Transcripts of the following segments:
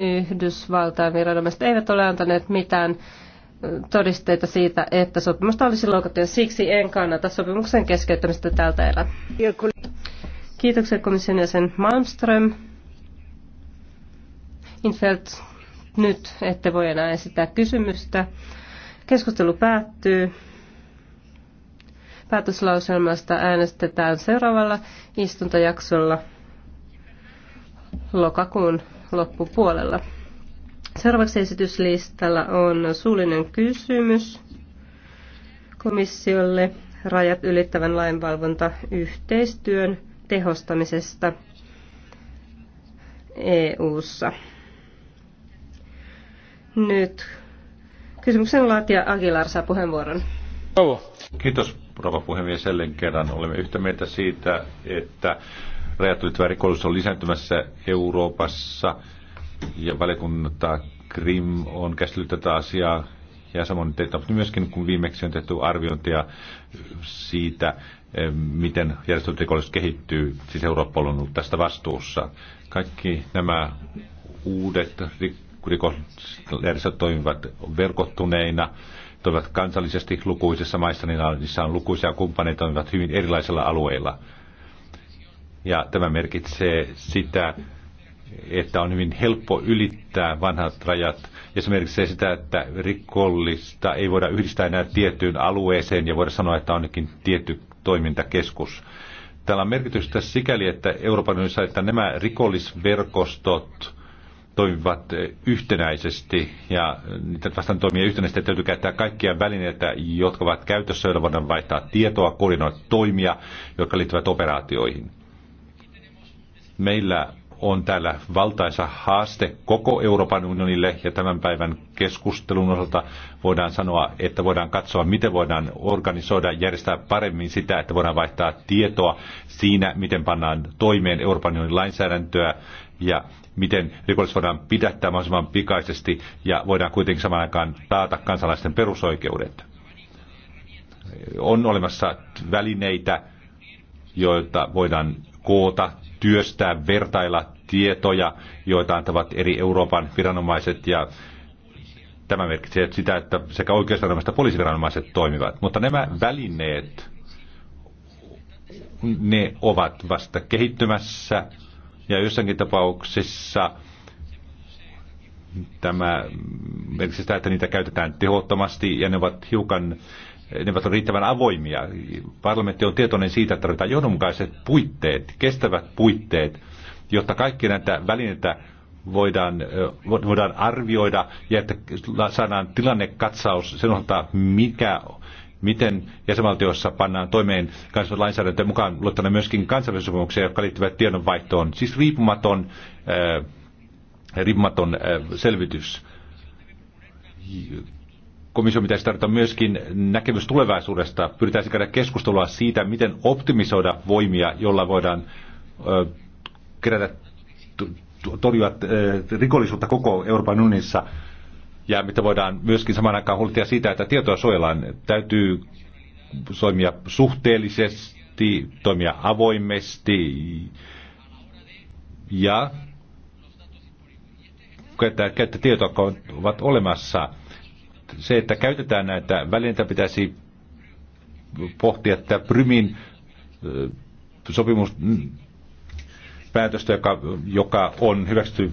Yhdysvaltain viranomaiset eivät ole antaneet mitään todisteita siitä, että sopimusta olisi loukattu ja siksi en kannata sopimuksen keskeyttämistä tältä erää. Kiitoksia komission jäsen Malmström. Infeld, nyt ette voi enää esittää kysymystä. Keskustelu päättyy. Päätöslauselmasta äänestetään seuraavalla istuntojaksolla lokakuun loppupuolella. Seuraavaksi esityslistalla on suullinen kysymys komissiolle rajat ylittävän lainvalvontayhteistyön tehostamisesta EU:ssa. Nyt kysymyksen laatija Aguilar saa puheenvuoron. Kiitos rouva puhemies jälleen kerran. Olemme yhtä mieltä siitä, että Rajat rikollisuus on lisääntymässä Euroopassa ja valiokunta Krim on käsitellyt tätä asiaa ja samoin teitä, mutta myöskin kun viimeksi on tehty arviointia siitä, miten järjestöt rikollisuus kehittyy, siis Eurooppa on ollut tästä vastuussa. Kaikki nämä uudet rikosjärjestöt toimivat verkottuneina, toimivat kansallisesti lukuisissa maissa, niin niissä on lukuisia kumppaneita, toimivat hyvin erilaisilla alueilla ja tämä merkitsee sitä, että on hyvin helppo ylittää vanhat rajat. Ja se merkitsee sitä, että rikollista ei voida yhdistää enää tiettyyn alueeseen ja voida sanoa, että on jokin tietty toimintakeskus. Täällä on merkitystä sikäli, että Euroopan unionissa, että nämä rikollisverkostot toimivat yhtenäisesti ja niitä vastaan toimia yhtenäisesti, että täytyy käyttää kaikkia välineitä, jotka ovat käytössä, joilla voidaan vaihtaa tietoa, koordinoida toimia, jotka liittyvät operaatioihin. Meillä on täällä valtaisa haaste koko Euroopan unionille ja tämän päivän keskustelun osalta voidaan sanoa, että voidaan katsoa, miten voidaan organisoida, järjestää paremmin sitä, että voidaan vaihtaa tietoa siinä, miten pannaan toimeen Euroopan unionin lainsäädäntöä ja miten rikollis voidaan pidättää mahdollisimman pikaisesti ja voidaan kuitenkin samaan aikaan taata kansalaisten perusoikeudet. On olemassa välineitä, joita voidaan koota työstää, vertailla tietoja, joita antavat eri Euroopan viranomaiset ja tämä merkitsee sitä, että sekä oikeusviranomaiset että poliisiviranomaiset toimivat. Mutta nämä välineet, ne ovat vasta kehittymässä ja jossakin tapauksissa tämä merkitsee sitä, että niitä käytetään tehottomasti ja ne ovat hiukan ne ovat riittävän avoimia. Parlamentti on tietoinen siitä, että tarvitaan johdonmukaiset puitteet, kestävät puitteet, jotta kaikki näitä välineitä voidaan, voidaan arvioida ja että saadaan tilannekatsaus sen osalta, mikä miten jäsenvaltioissa pannaan toimeen kansallisen lainsäädäntöön mukaan luottana myöskin kansainvälisiä sopimuksia, jotka liittyvät tiedonvaihtoon. Siis riippumaton, äh, riippumaton äh, selvitys komissio pitäisi tarjota myöskin näkemys tulevaisuudesta. Pyritäisiin käydä keskustelua siitä, miten optimisoida voimia, jolla voidaan kerätä, torjua rikollisuutta koko Euroopan unionissa. Ja mitä voidaan myöskin samaan aikaan huolehtia siitä, että tietoa suojellaan. Täytyy toimia suhteellisesti, toimia avoimesti ja käyttää, käyttää tietoa, kun ovat olemassa – se, että käytetään näitä välineitä, pitäisi pohtia, että Prymin sopimus mm, päätöstä, joka, joka on hyväksytty,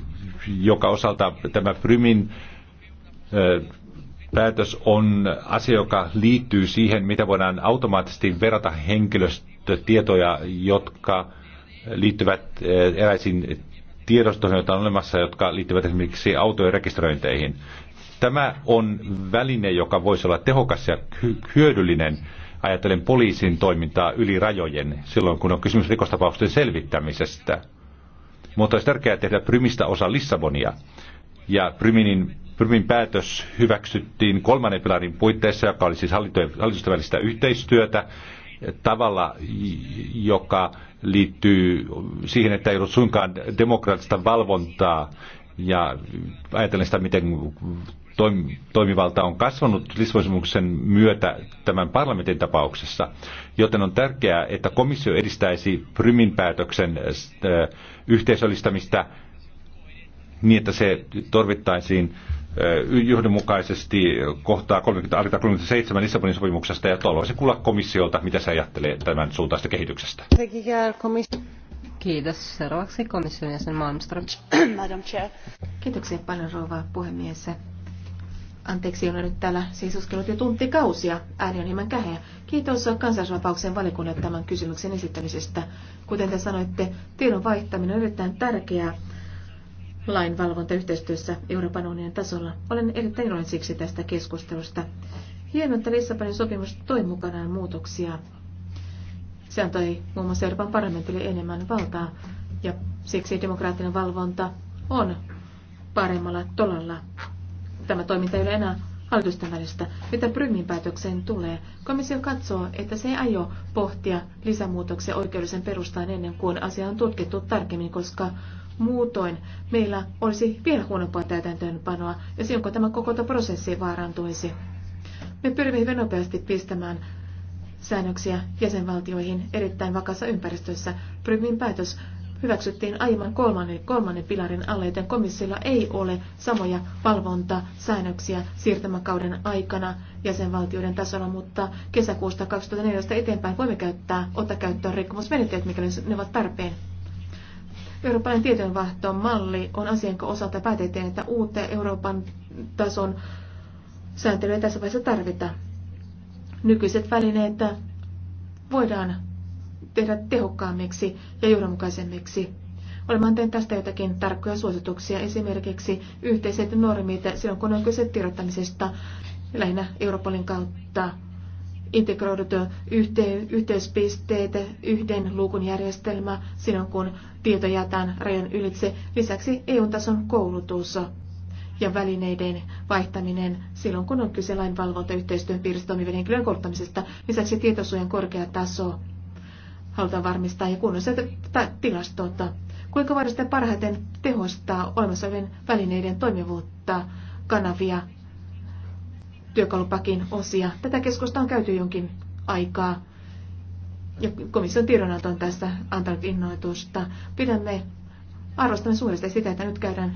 joka osalta tämä Prymin päätös on asia, joka liittyy siihen, mitä voidaan automaattisesti verrata henkilöstötietoja, jotka liittyvät eräisiin tiedostoihin, joita on olemassa, jotka liittyvät esimerkiksi autojen rekisteröinteihin. Tämä on väline, joka voisi olla tehokas ja hyödyllinen ajatellen poliisin toimintaa yli rajojen silloin, kun on kysymys rikostapausten selvittämisestä. Mutta olisi tärkeää tehdä Prymistä osa Lissabonia. Ja Pryminin, Prymin päätös hyväksyttiin kolmannen pilarin puitteissa, joka oli siis hallitusten välistä yhteistyötä tavalla, joka liittyy siihen, että ei ollut suinkaan demokraattista valvontaa ja ajatellen sitä, miten toimivalta on kasvanut Lisbonsopimuksen myötä tämän parlamentin tapauksessa, joten on tärkeää, että komissio edistäisi Prymin päätöksen äh, yhteisöllistämistä niin, että se torvittaisiin äh, johdonmukaisesti kohtaa 30, 37 Lissabonin sopimuksesta ja se kuulla komissiolta, mitä se ajattelee tämän suuntaista kehityksestä. Kiitos. Seuraavaksi komission jäsen Malmström. Madam Kiitoksia paljon rouva puhemies. Anteeksi, olen nyt täällä seisoskellut jo tuntikausia. Ääni on hieman käheä. Kiitos kansallisvapauksen valikunnalle tämän kysymyksen esittämisestä. Kuten te sanoitte, tiedon vaihtaminen on erittäin tärkeää lainvalvontayhteistyössä Euroopan unionin tasolla. Olen erittäin iloinen siksi tästä keskustelusta. Hienoa, että Lissabonin sopimus toi mukanaan muutoksia. Se antoi muun muassa Euroopan parlamentille enemmän valtaa ja siksi demokraattinen valvonta on paremmalla tolalla tämä toiminta ei ole enää hallitusten välistä. Mitä Prymin päätökseen tulee, komissio katsoo, että se ei aio pohtia lisämuutoksia oikeudellisen perustaan ennen kuin asia on tutkittu tarkemmin, koska muutoin meillä olisi vielä huonompaa täytäntöönpanoa ja silloin tämä koko prosessi vaarantuisi. Me pyrimme hyvin nopeasti pistämään säännöksiä jäsenvaltioihin erittäin vakassa ympäristössä. Prymin päätös hyväksyttiin aiemman kolmannen, kolmannen pilarin alle, joten komissiolla ei ole samoja valvontasäännöksiä siirtymäkauden aikana jäsenvaltioiden tasolla, mutta kesäkuusta 2014 eteenpäin voimme käyttää, ottaa käyttöön rikkomusmenettelyt, mikäli ne ovat tarpeen. Eurooppalainen tietojenvaihtoon malli on asian osalta päätettiin, että uutta Euroopan tason sääntelyä tässä vaiheessa tarvita. Nykyiset välineet voidaan tehdä tehokkaammiksi ja johdonmukaisemmiksi. Olemme antaneet tästä jotakin tarkkoja suosituksia, esimerkiksi yhteiset normit silloin kun on kyse tiedottamisesta lähinnä Europolin kautta integroidut yhteen, yhteyspisteet, yhden luukun järjestelmä silloin, kun tieto jätään rajan ylitse. Lisäksi EU-tason koulutus ja välineiden vaihtaminen silloin, kun on kyse lainvalvontayhteistyön piirissä toimivien henkilöiden kouluttamisesta. Lisäksi tietosuojan korkea taso halutaan varmistaa ja kunnossa tilastoa. Kuinka voidaan sitten parhaiten tehostaa olemassa olevien välineiden toimivuutta, kanavia, työkalupakin osia. Tätä keskusta on käyty jonkin aikaa ja komission tiedonanto on tässä antanut innoitusta. Pidämme arvostamme suuresti sitä, että nyt käydään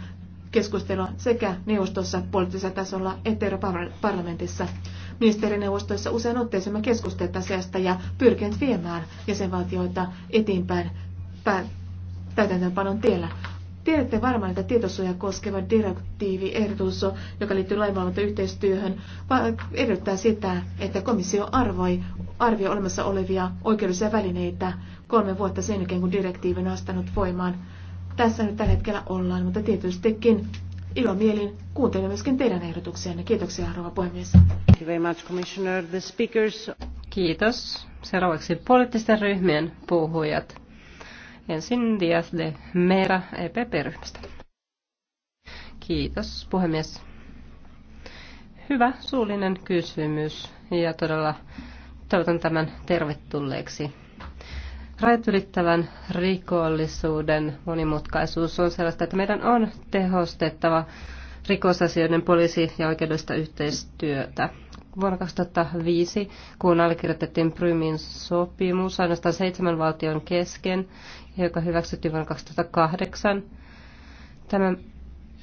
keskustelua sekä neuvostossa poliittisella tasolla että Euroopan parlamentissa. Ministerineuvostoissa usein otteeseen me keskustelut asiasta ja pyrkinyt viemään jäsenvaltioita eteenpäin täytäntöönpanon tiellä. Tiedätte varmaan, että tietosuoja koskeva direktiivi ehdotus, joka liittyy lainvalvontayhteistyöhön, edellyttää sitä, että komissio arvoi, arvioi olemassa olevia oikeudellisia välineitä kolme vuotta sen jälkeen, kun direktiivi on astanut voimaan tässä nyt tällä hetkellä ollaan, mutta tietystikin ilomielin kuuntelen myöskin teidän ehdotuksianne. Kiitoksia, rouva puhemies. Thank you very much, Commissioner. The speakers... Kiitos. Seuraavaksi poliittisten ryhmien puhujat. Ensin Diaz de Mera EPP-ryhmästä. Kiitos, puhemies. Hyvä suullinen kysymys ja todella toivotan tämän tervetulleeksi Rajat ylittävän rikollisuuden monimutkaisuus on sellaista, että meidän on tehostettava rikosasioiden poliisi- ja oikeudellista yhteistyötä. Vuonna 2005, kun allekirjoitettiin Prymin sopimus ainoastaan seitsemän valtion kesken, joka hyväksyttiin vuonna 2008, tämä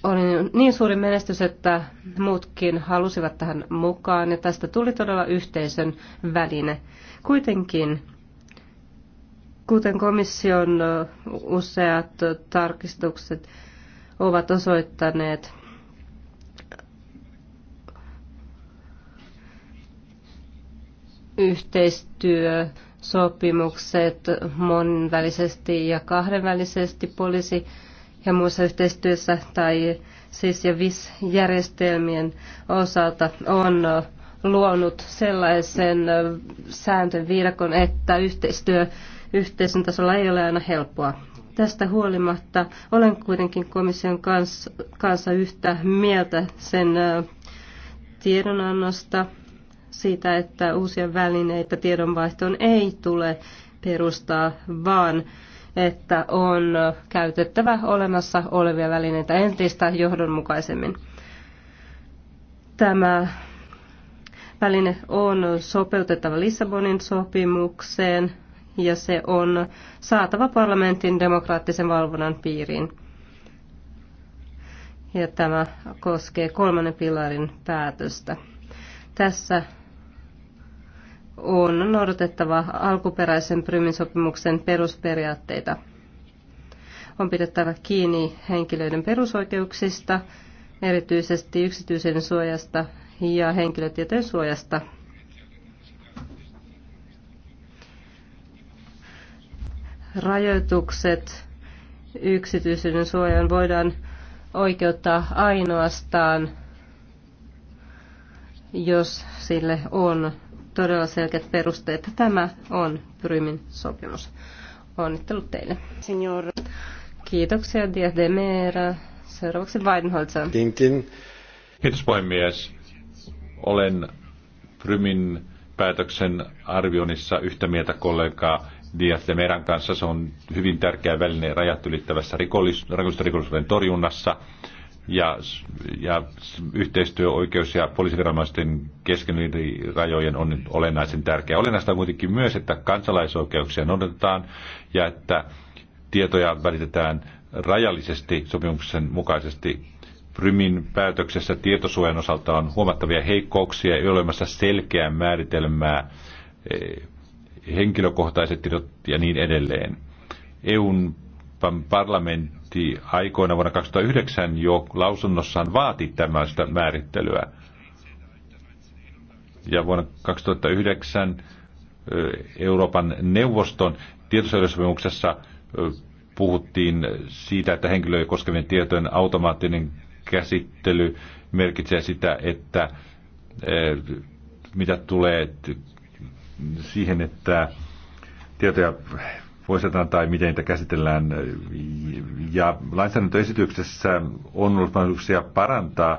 oli niin suuri menestys, että muutkin halusivat tähän mukaan ja tästä tuli todella yhteisön väline. Kuitenkin Kuten komission useat tarkistukset ovat osoittaneet, yhteistyö, sopimukset ja kahdenvälisesti poliisi ja muussa yhteistyössä tai siis ja VIS-järjestelmien osalta on luonut sellaisen sääntöviidakon, että yhteistyö yhteisön tasolla ei ole aina helppoa. Tästä huolimatta olen kuitenkin komission kanssa, kanssa yhtä mieltä sen tiedonannosta siitä, että uusia välineitä tiedonvaihtoon ei tule perustaa, vaan että on käytettävä olemassa olevia välineitä entistä johdonmukaisemmin. Tämä väline on sopeutettava Lissabonin sopimukseen ja se on saatava parlamentin demokraattisen valvonnan piiriin. Ja tämä koskee kolmannen pilarin päätöstä. Tässä on noudatettava alkuperäisen Prymin sopimuksen perusperiaatteita. On pidettävä kiinni henkilöiden perusoikeuksista, erityisesti yksityisen suojasta ja henkilötietojen suojasta rajoitukset yksityisyyden suojaan voidaan oikeuttaa ainoastaan, jos sille on todella selkeät perusteet. Tämä on Prymin sopimus. Onnittelut teille. Signor. Kiitoksia, Diaz de Mera. Seuraavaksi Weidenholzer. Kiitos puhemies. Olen Prymin päätöksen arvioinnissa yhtä mieltä kollegaa Diaz meidän kanssa. Se on hyvin tärkeä väline rajat ylittävässä rikollis, rikollisuuden torjunnassa ja, ja yhteistyöoikeus ja poliisiviranomaisten kesken rajojen on nyt olennaisen tärkeää. Olennaista on kuitenkin myös, että kansalaisoikeuksia noudatetaan ja että tietoja välitetään rajallisesti sopimuksen mukaisesti. Prymin päätöksessä tietosuojan osalta on huomattavia heikkouksia ja olemassa selkeää määritelmää e, henkilökohtaiset tiedot ja niin edelleen. EUn parlamentti aikoina vuonna 2009 jo lausunnossaan vaati tämmöistä määrittelyä. Ja vuonna 2009 Euroopan neuvoston tietosuojelusopimuksessa puhuttiin siitä, että henkilöjä koskevien tietojen automaattinen käsittely merkitsee sitä, että mitä tulee siihen, että tietoja poistetaan tai miten niitä käsitellään. Ja lainsäädäntöesityksessä on ollut mahdollisuuksia parantaa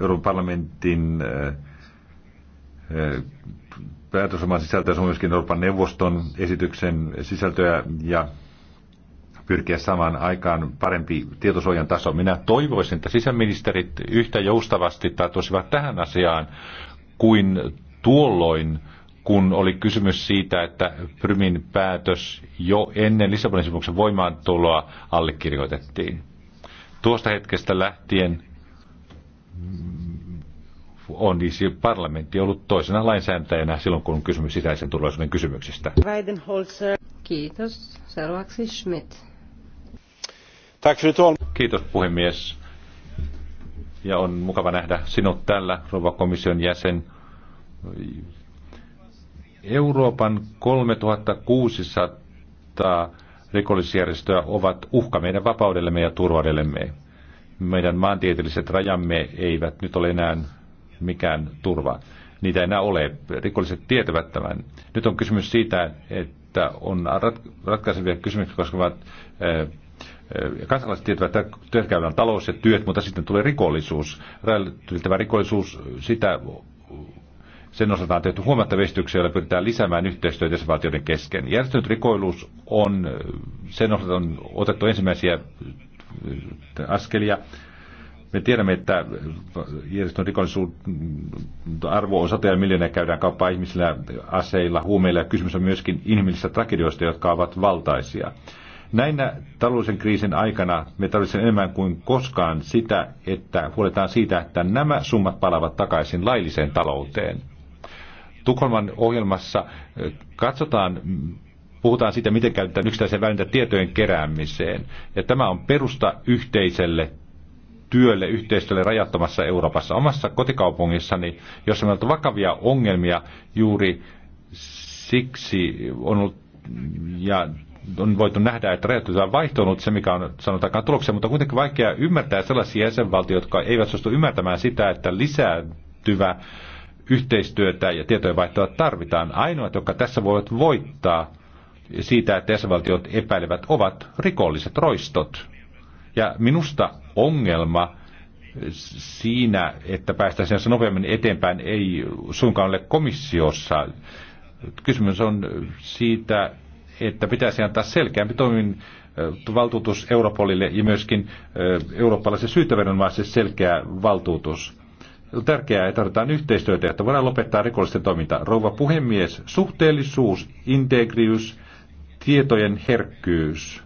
Euroopan parlamentin eh, päätösomaan sisältöä, se on myöskin Euroopan neuvoston esityksen sisältöä ja pyrkiä samaan aikaan parempi tietosuojan taso. Minä toivoisin, että sisäministerit yhtä joustavasti tarttuisivat tähän asiaan kuin tuolloin kun oli kysymys siitä, että Prymin päätös jo ennen Lissabonin sopimuksen voimaantuloa allekirjoitettiin. Tuosta hetkestä lähtien on siis parlamentti ollut toisena lainsäätäjänä silloin, kun on kysymys sisäisen turvallisuuden kysymyksistä. Kiitos. Seuraavaksi Schmidt. Kiitos puhemies. Ja on mukava nähdä sinut täällä, rouva komission jäsen Euroopan 3600 rikollisjärjestöä ovat uhka meidän vapaudellemme ja turvaudellemme. Meidän maantieteelliset rajamme eivät nyt ole enää mikään turva. Niitä ei enää ole. Rikolliset tietävät tämän. Nyt on kysymys siitä, että on ratkaisevia kysymyksiä koskevat eh, eh, kansalaiset tietävät, että työkäyvän talous ja työt, mutta sitten tulee rikollisuus. Rajatylittävä rikollisuus, sitä sen osalta on tehty huomattavia esityksiä, joilla pyritään lisäämään yhteistyötä jäsenvaltioiden kesken. Järjestänyt rikoiluus on, sen osalta on otettu ensimmäisiä äh, askelia. Me tiedämme, että järjestön rikollisuuden arvo on satoja miljoonaa käydään kauppaa ihmisillä, aseilla, huumeilla ja kysymys on myöskin inhimillisistä tragedioista, jotka ovat valtaisia. Näinä taloudellisen kriisin aikana me tarvitsemme enemmän kuin koskaan sitä, että huoletaan siitä, että nämä summat palavat takaisin lailliseen talouteen. Tukholman ohjelmassa katsotaan, puhutaan siitä, miten käytetään yksittäisen välintä tietojen keräämiseen. Ja tämä on perusta yhteiselle työlle, yhteistyölle rajattomassa Euroopassa. Omassa kotikaupungissani, jossa meillä on vakavia ongelmia juuri siksi on ollut, ja on voitu nähdä, että rajoitteita on vaihtunut se, mikä on sanotaan tuloksia, mutta kuitenkin vaikea ymmärtää sellaisia jäsenvaltioita, jotka eivät suostu ymmärtämään sitä, että lisääntyvä yhteistyötä ja tietojenvaihtoa tarvitaan. Ainoat, jotka tässä voivat voittaa siitä, että jäsenvaltiot epäilevät, ovat rikolliset roistot. Ja minusta ongelma siinä, että päästäisiin nopeammin eteenpäin, ei suinkaan ole komissiossa. Kysymys on siitä, että pitäisi antaa selkeämpi toimin äh, valtuutus Europolille ja myöskin äh, eurooppalaisen syytäviranomaiselle selkeä valtuutus on tärkeää, että tarvitaan yhteistyötä, jotta voidaan lopettaa rikollisten toiminta. Rouva puhemies, suhteellisuus, integriys, tietojen herkkyys.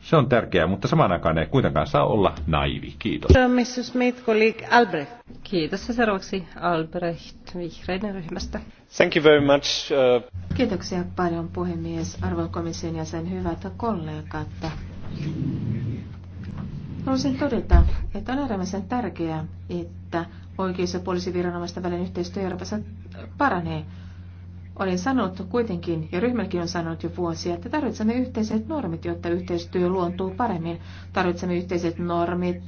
Se on tärkeää, mutta samaan aikaan ei kuitenkaan saa olla naivi. Kiitos. Mrs. Smith, Albrecht. Kiitos ja seuraavaksi Albrecht vihreiden ryhmästä. Thank you very much. Uh... Kiitoksia paljon puhemies, arvokomission ja sen hyvät kollegat. Haluaisin todeta, että on äärimmäisen tärkeää, että oikeus- ja poliisiviranomaisten välinen yhteistyö Euroopassa paranee. Olen sanonut kuitenkin, ja ryhmäkin on sanonut jo vuosia, että tarvitsemme yhteiset normit, jotta yhteistyö luontuu paremmin. Tarvitsemme yhteiset normit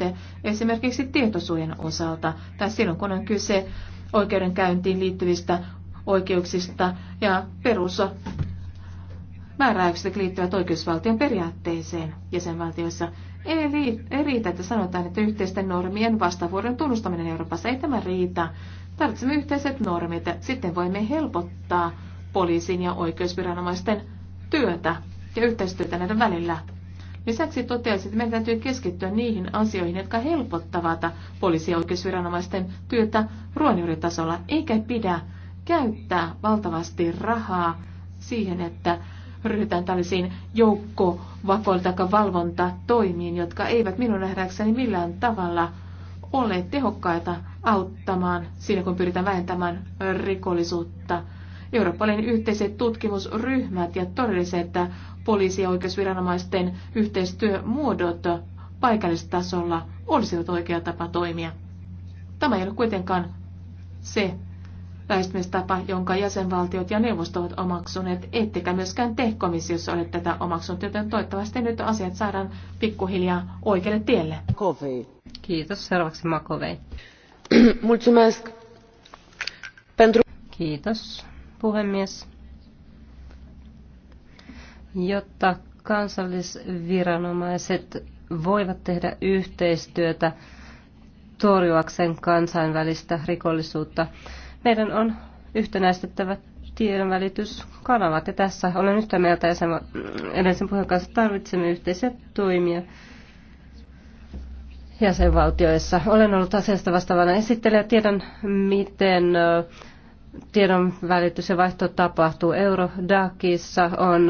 esimerkiksi tietosuojan osalta, tai silloin kun on kyse oikeudenkäyntiin liittyvistä oikeuksista ja perus määräyksistä liittyvät oikeusvaltion periaatteeseen jäsenvaltioissa. Ei, ei riitä, että sanotaan, että yhteisten normien vastavuoron tunnustaminen Euroopassa ei tämä riitä. Tarvitsemme yhteiset normit, sitten voimme helpottaa poliisin ja oikeusviranomaisten työtä ja yhteistyötä näiden välillä. Lisäksi toteaisin, että meidän täytyy keskittyä niihin asioihin, jotka helpottavat poliisi- ja oikeusviranomaisten työtä ruonjuuritasolla, eikä pidä käyttää valtavasti rahaa siihen, että ryhdytään tällaisiin joukkovakoilta tai valvontatoimiin, jotka eivät minun nähdäkseni millään tavalla ole tehokkaita auttamaan siinä, kun pyritään vähentämään rikollisuutta. Eurooppalainen yhteiset tutkimusryhmät ja todelliset poliisi- ja oikeusviranomaisten yhteistyömuodot paikallistasolla olisivat oikea tapa toimia. Tämä ei ole kuitenkaan se lähestymistapa, jonka jäsenvaltiot ja neuvosto ovat omaksuneet, ettekä myöskään te komissiossa ole tätä omaksunut, joten toivottavasti nyt asiat saadaan pikkuhiljaa oikealle tielle. Kovei. Kiitos. Seuraavaksi Makovei. Mulțumesc. Pentru... Kiitos, puhemies. Jotta kansallisviranomaiset voivat tehdä yhteistyötä torjuakseen kansainvälistä rikollisuutta, meidän on yhtenäistettävä tiedonvälityskanavat. Ja tässä olen yhtä mieltä ja sen edellisen puheen kanssa tarvitsemme yhteisiä toimia jäsenvaltioissa. Olen ollut asiasta vastaavana esittelijä. Tiedän, miten tiedonvälitys ja vaihto tapahtuu. Eurodakissa on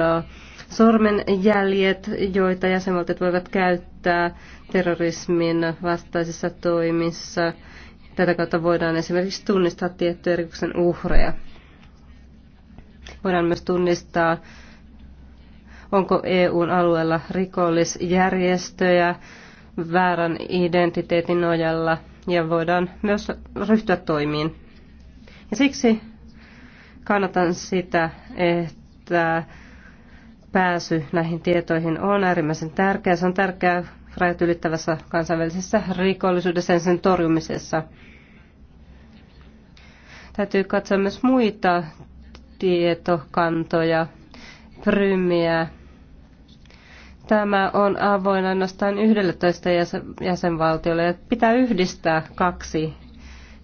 sormenjäljet, joita jäsenvaltiot voivat käyttää terrorismin vastaisissa toimissa Tätä kautta voidaan esimerkiksi tunnistaa tiettyjä rikoksen uhreja. Voidaan myös tunnistaa, onko EUn alueella rikollisjärjestöjä väärän identiteetin nojalla ja voidaan myös ryhtyä toimiin. Ja siksi kannatan sitä, että pääsy näihin tietoihin on äärimmäisen tärkeää. Se on tärkeää rajat ylittävässä kansainvälisessä rikollisuudessa ja sen torjumisessa. Täytyy katsoa myös muita tietokantoja, prymiä. Tämä on avoin ainoastaan 11 jäsenvaltiolle ja pitää yhdistää kaksi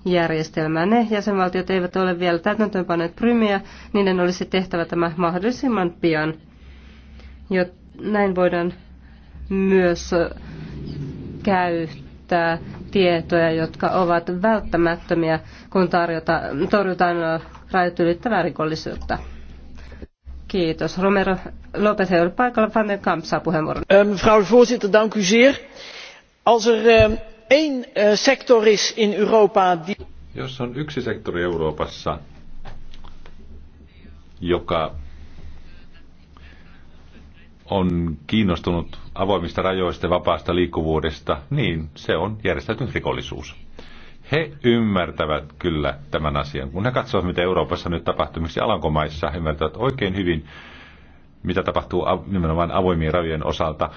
järjestelmää. Ne jäsenvaltiot eivät ole vielä täytäntöönpaneet prymiä, niiden olisi tehtävä tämä mahdollisimman pian. Jo näin voidaan myös käyttää käyttää tietoja, jotka ovat välttämättömiä, kun tarjota, torjutaan rajat ylittävää rikollisuutta. Kiitos. Romero Lopez ei ole paikalla. Van den Kamp saa puheenvuoron. Ehm, mevrouw de voorzitter, dank u zeer. Als er ehm, één eh, sector is in Europa... Jos on yksi sektori Euroopassa, joka on kiinnostunut avoimista rajoista ja vapaasta liikkuvuudesta, niin se on järjestäytynyt rikollisuus. He ymmärtävät kyllä tämän asian. Kun he katsovat, mitä Euroopassa nyt tapahtuu, miksi Alankomaissa he ymmärtävät oikein hyvin, mitä tapahtuu nimenomaan avoimien rajojen osalta.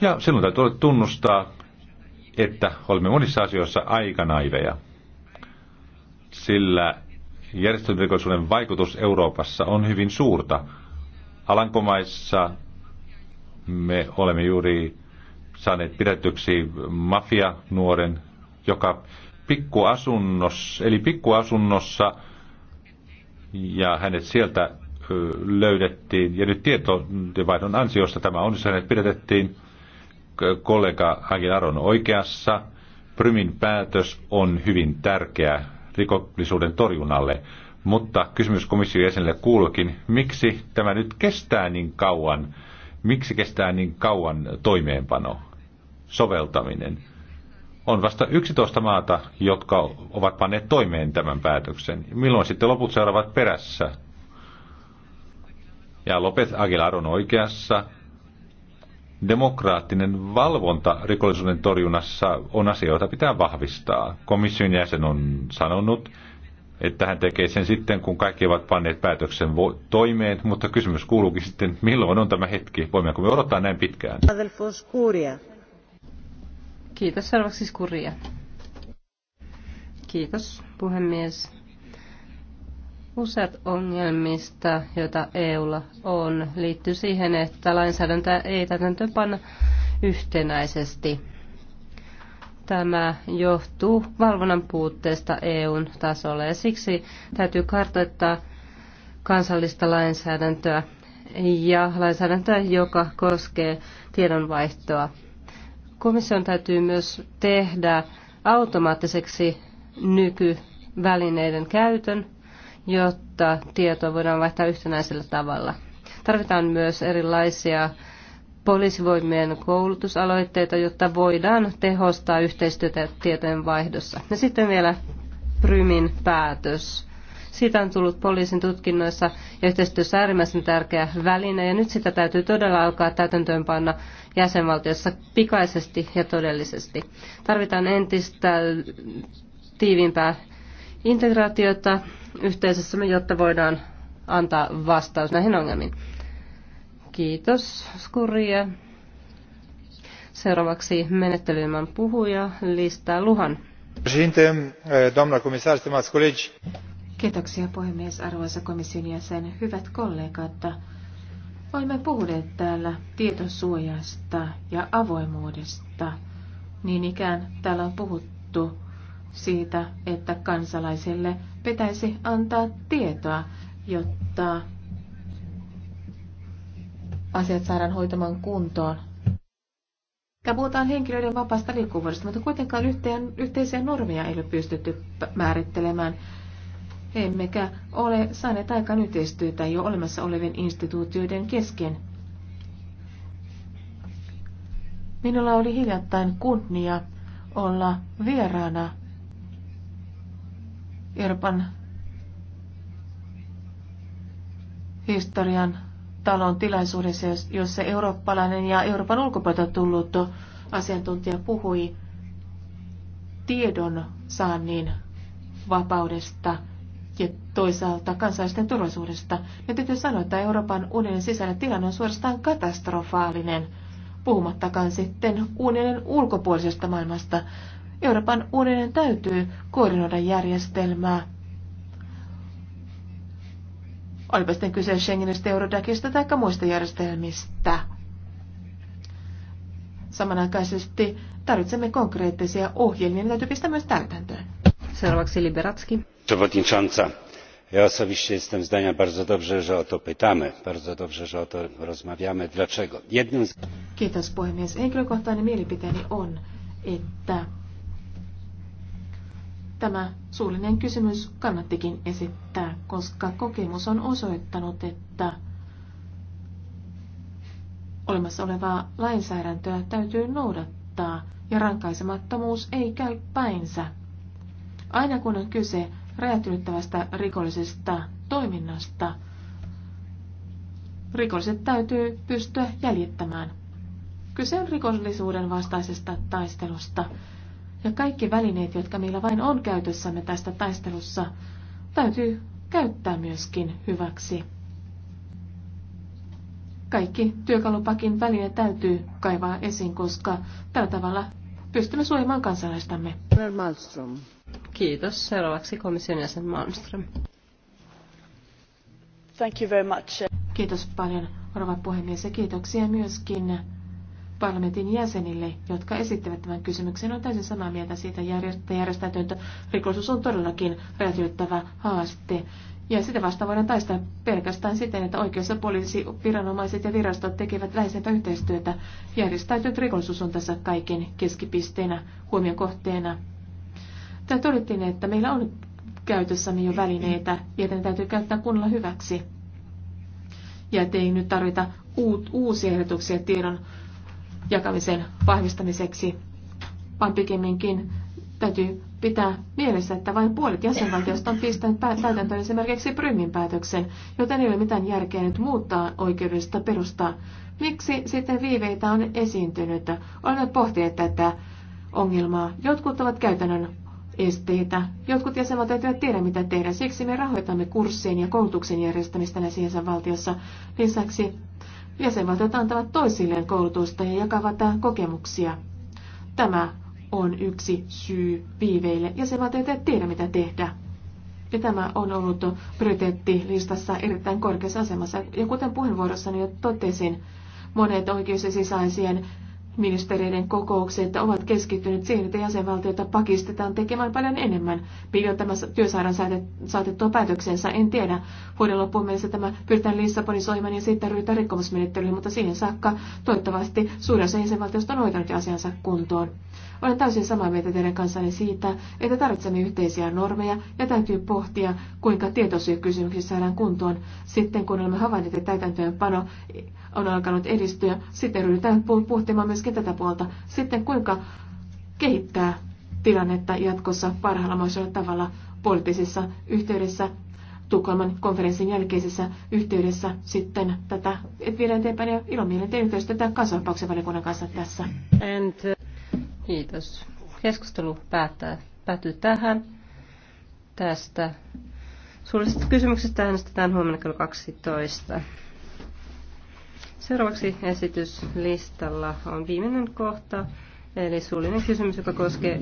Ja silloin täytyy tunnustaa, että olemme monissa asioissa aika naiveja. Sillä järjestörikollisuuden vaikutus Euroopassa on hyvin suurta. Alankomaissa me olemme juuri saaneet pidätyksi mafianuoren, joka pikkuasunnossa, eli pikkuasunnossa, ja hänet sieltä löydettiin. Ja nyt tietovaihdon ansiosta tämä on, hänet pidätettiin kollega Aguilar Aron oikeassa. Prymin päätös on hyvin tärkeä rikollisuuden torjunnalle. Mutta kysymys komission jäsenelle kuulukin, miksi tämä nyt kestää niin kauan? Miksi kestää niin kauan toimeenpano, soveltaminen? On vasta 11 maata, jotka ovat panneet toimeen tämän päätöksen. Milloin sitten loput seuraavat perässä? Ja Lopez Aguilar on oikeassa. Demokraattinen valvonta rikollisuuden torjunnassa on asioita, pitää vahvistaa. Komission jäsen on sanonut, että hän tekee sen sitten, kun kaikki ovat panneet päätöksen toimeen, mutta kysymys kuuluukin sitten, milloin on tämä hetki? Voimmeko me odottaa näin pitkään? Kiitos, seuraavaksi Skuria. Siis Kiitos, puhemies. Useat ongelmista, joita EUlla on, liittyy siihen, että lainsäädäntöä ei panna yhtenäisesti tämä johtuu valvonnan puutteesta EUn tasolla ja siksi täytyy kartoittaa kansallista lainsäädäntöä ja lainsäädäntöä, joka koskee tiedonvaihtoa. Komission täytyy myös tehdä automaattiseksi nykyvälineiden käytön, jotta tietoa voidaan vaihtaa yhtenäisellä tavalla. Tarvitaan myös erilaisia poliisivoimien koulutusaloitteita, jotta voidaan tehostaa yhteistyötä tietojen vaihdossa. Ja sitten vielä Prymin päätös. Siitä on tullut poliisin tutkinnoissa ja yhteistyössä äärimmäisen tärkeä väline, ja nyt sitä täytyy todella alkaa täytäntöönpanna jäsenvaltiossa pikaisesti ja todellisesti. Tarvitaan entistä tiiviimpää integraatiota yhteisössä, jotta voidaan antaa vastaus näihin ongelmiin. Kiitos, Skurje. Seuraavaksi menettelymän puhuja listaa Luhan. Eh, Kiitoksia puhemies, arvoisa komission jäsen, hyvät kollegat. Olemme puhuneet täällä tietosuojasta ja avoimuudesta. Niin ikään täällä on puhuttu siitä, että kansalaisille pitäisi antaa tietoa, jotta asiat saadaan hoitamaan kuntoon. Ja puhutaan henkilöiden vapaasta liikkuvuudesta, mutta kuitenkaan yhteen, yhteisiä normeja ei ole pystytty määrittelemään. Emmekä ole saaneet aikaan yhteistyötä jo olemassa olevien instituutioiden kesken. Minulla oli hiljattain kunnia olla vieraana Euroopan historian talon tilaisuudessa, jossa eurooppalainen ja Euroopan ulkopuolelta tullut asiantuntija puhui tiedon saannin vapaudesta ja toisaalta kansalaisten turvallisuudesta. Nyt täytyy sanoa, että Euroopan unionin sisäinen tilanne on suorastaan katastrofaalinen, puhumattakaan sitten unionin ulkopuolisesta maailmasta. Euroopan unionin täytyy koordinoida järjestelmää Olipa sitten kyse Schengenistä, Eurodacista tai muista järjestelmistä. Samanaikaisesti tarvitsemme konkreettisia ohjelmia, ne täytyy pistää myös täytäntöön. Seuraavaksi Liberatski. Przewodnicząca, ja osobiście jestem zdania bardzo dobrze, że o to pytamy, bardzo dobrze, że o to rozmawiamy. Dlaczego? Jednym z... Kiitos puhemies. Henkilökohtainen mielipiteeni on, että Tämä suullinen kysymys kannattikin esittää, koska kokemus on osoittanut, että olemassa olevaa lainsäädäntöä täytyy noudattaa ja rankaisemattomuus ei käy päinsä. Aina kun on kyse räjähtynyttävästä rikollisesta toiminnasta, rikolliset täytyy pystyä jäljittämään. Kyse on rikollisuuden vastaisesta taistelusta. Ja kaikki välineet, jotka meillä vain on käytössämme tästä taistelussa, täytyy käyttää myöskin hyväksi. Kaikki työkalupakin väline täytyy kaivaa esiin, koska tällä tavalla pystymme suojamaan kansalaistamme. Malmström. Kiitos. Seuraavaksi komission jäsen Malmström. Thank you very much. Kiitos paljon, rouva puhemies, ja kiitoksia myöskin parlamentin jäsenille, jotka esittävät tämän kysymyksen, on täysin samaa mieltä siitä, että rikollisuus on todellakin räätyyttävä haaste. Ja sitä vastaan voidaan taistaa pelkästään siten, että oikeus- ja poliisiviranomaiset ja virastot tekevät läheisempää yhteistyötä. Järjestäytynyt rikollisuus on tässä kaiken keskipisteenä, huomion kohteena. Tämä todettiin, että meillä on käytössämme jo välineitä, joten täytyy käyttää kunnolla hyväksi. Ja ettei nyt tarvita uut, uusia ehdotuksia tiedon jakamisen vahvistamiseksi, vaan pikemminkin täytyy pitää mielessä, että vain puolet jäsenvaltioista on pistänyt täytäntöön esimerkiksi Prymin päätöksen, joten ei ole mitään järkeä nyt muuttaa oikeudellista perustaa. Miksi sitten viiveitä on esiintynyt? Olemme pohtineet tätä ongelmaa. Jotkut ovat käytännön esteitä. Jotkut jäsenvaltiot eivät tiedä, mitä tehdä. Siksi me rahoitamme kurssien ja koulutuksen järjestämistä näissä jäsenvaltiossa. Lisäksi Jäsenvaltiot antavat toisilleen koulutusta ja jakavat kokemuksia. Tämä on yksi syy viiveille. Jäsenvaltiot eivät tiedä, mitä tehdä. Ja tämä on ollut prioriteettilistassa erittäin korkeassa asemassa. Ja kuten puheenvuorossani jo totesin, monet oikeus- ja sisäisien Ministereiden kokoukset ovat keskittyneet siihen, että jäsenvaltioita pakistetaan tekemään paljon enemmän. Milloin tämä työ saadaan saatettua päätöksensä, en tiedä. Vuoden loppuun mennessä tämä pyritään Lissabonin soimaan ja sitten ryhtyä rikkomusmenettelyyn, mutta siihen saakka toivottavasti suurin osa jäsenvaltioista on hoitanut asiansa kuntoon. Olen täysin samaa mieltä teidän kanssanne siitä, että tarvitsemme yhteisiä normeja ja täytyy pohtia, kuinka tietosuojakysymyksiä saadaan kuntoon. Sitten kun olemme havainneet, että täytäntöönpano on alkanut edistyä, sitten ryhdytään pohtimaan myös myöskin tätä puolta. Sitten kuinka kehittää tilannetta jatkossa parhaalla mahdollisella tavalla poliittisessa yhteydessä Tukholman konferenssin jälkeisessä yhteydessä sitten tätä et viedä eteenpäin ja ilomielen teen yhteistyötä kansanvapauksen valiokunnan kanssa tässä. And, uh, kiitos. Keskustelu päättää, päätyy tähän. Tästä suullisesta kysymyksestä äänestetään huomenna kello 12. Seuraavaksi esityslistalla on viimeinen kohta, eli suullinen kysymys, joka koskee